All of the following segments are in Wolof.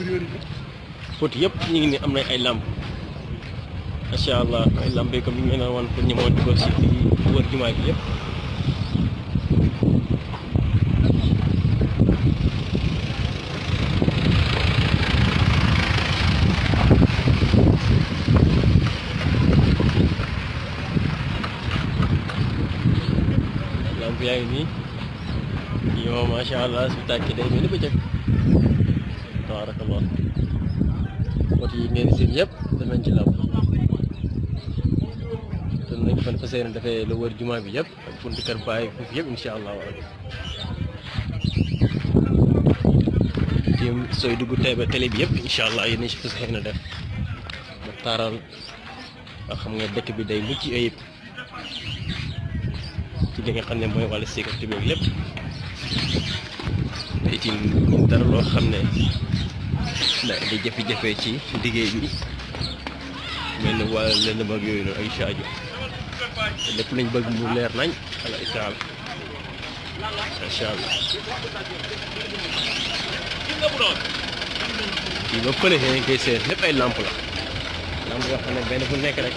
priorité foot yëpp ñu ngi ni am na ay làmb macha allah ay làmb yi comme ñu ngi leen wan pour ñu moo dugal si wër bi yëpp lamp yaa ngi nii yow macha allah su tàkkee day mel ni bëccëg tabaarakallah oto yi ngeen seen yëpp dem nañ ci làmb te nañ fan fas yéene dafay la wër jumaa bi yëpp ak buntu kër baay foofu yëpp incha allah wala tiim sooy dugg Taïba télé bi yëpp incha allah yéen a si fas yéene def mu taaral ak xam nga dëkk bi day mucc ayib ci li nga xam ne mooy wàllu sécurité bi ak lépp te itam dara loo xam ne di jafe-jafe ci liggéey bi mel ni waa lenn mag yooyu noonu ay saaju lépp lañ bëgg mu leer nañ ala itaal incha allah ba fële yéen koy seet lépp ay lamp la lamp yoo xam ne benn bu nekk rek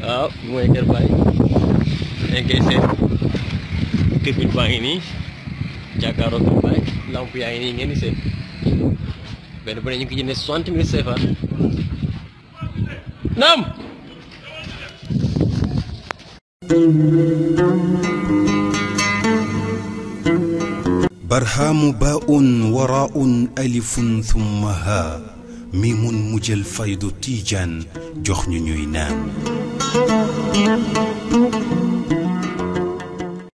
Oh, bi mooy kër baay nekkee seen kër bi baa ngi nii jàkkaaroo kër baay lamp yaa ngi nii ngeen di seen benn bu ne ñu برهام باء وراء Gracias.